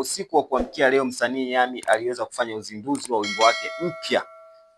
usiku wa kuamkia leo msanii Yammy aliweza kufanya uzinduzi wa wimbo wake mpya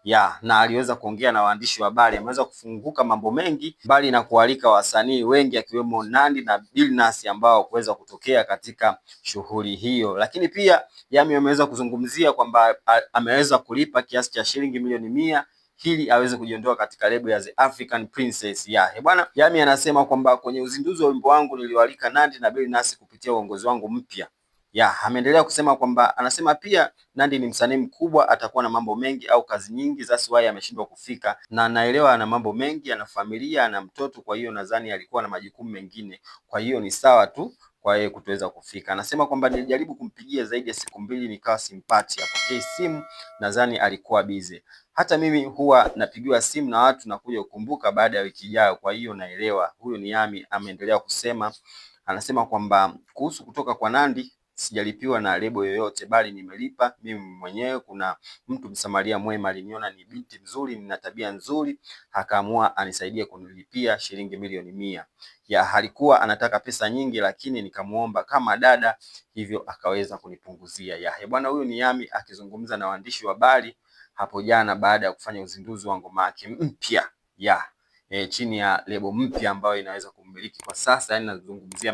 ya na aliweza kuongea na waandishi wa habari. Ameweza kufunguka mambo mengi, mbali na kualika wasanii wengi akiwemo Nandy na Billnass ambao kuweza kutokea katika shughuli hiyo. Lakini pia Yammy ameweza kuzungumzia kwamba ameweza kulipa kiasi cha shilingi milioni mia ili aweze kujiondoa katika lebo ya The African Princess. Ya bwana Yammy anasema kwamba kwenye uzinduzi wa wimbo wangu niliwalika Nandy na Billnass kupitia uongozi wangu mpya ya ameendelea kusema kwamba anasema pia Nandy ni msanii mkubwa, atakuwa na mambo mengi au kazi nyingi, that's why ameshindwa kufika, na anaelewa ana mambo mengi, ana familia, ana mtoto, kwa hiyo nadhani alikuwa na majukumu mengine, kwa hiyo ni sawa tu kwa yeye kutoweza kufika. Anasema kwamba nilijaribu kumpigia zaidi ya siku mbili nikawa simpati, apokee simu, nadhani alikuwa bize. Hata mimi huwa napigiwa simu na watu kuja kukumbuka baada ya wiki ijayo, kwa hiyo naelewa. Huyo ni Yammy ameendelea kusema, anasema kwamba kuhusu kutoka kwa Nandy sijalipiwa na lebo yoyote, bali nimelipa mimi mwenyewe. Kuna mtu msamaria mwema aliniona ni binti mzuri, nina tabia nzuri, akaamua anisaidie kunilipia shilingi milioni mia. Ya halikuwa anataka pesa nyingi, lakini nikamuomba kama dada hivyo akaweza kunipunguzia. Ya bwana, huyu ni Yami akizungumza na waandishi wa habari hapo jana baada ya kufanya uzinduzi wa ngoma yake mpya ya e, chini ya lebo mpya ambayo inaweza kumiliki kwa sasa, yani nazungumzia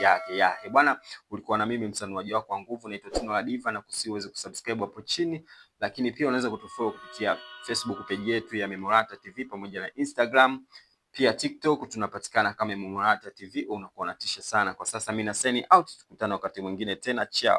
yake yake. Bwana, ulikuwa na mimi msanuaji wako wa nguvu, naitwa Tino la Diva, na kusiweze kusubscribe hapo chini, lakini pia unaweza kutufollow kupitia Facebook page yetu ya Memorata TV pamoja na Instagram pia TikTok tunapatikana kama Memorata TV. Unakuwa unatisha sana kwa sasa. Mimi na Seni out, tukutane wakati mwingine tena, ciao.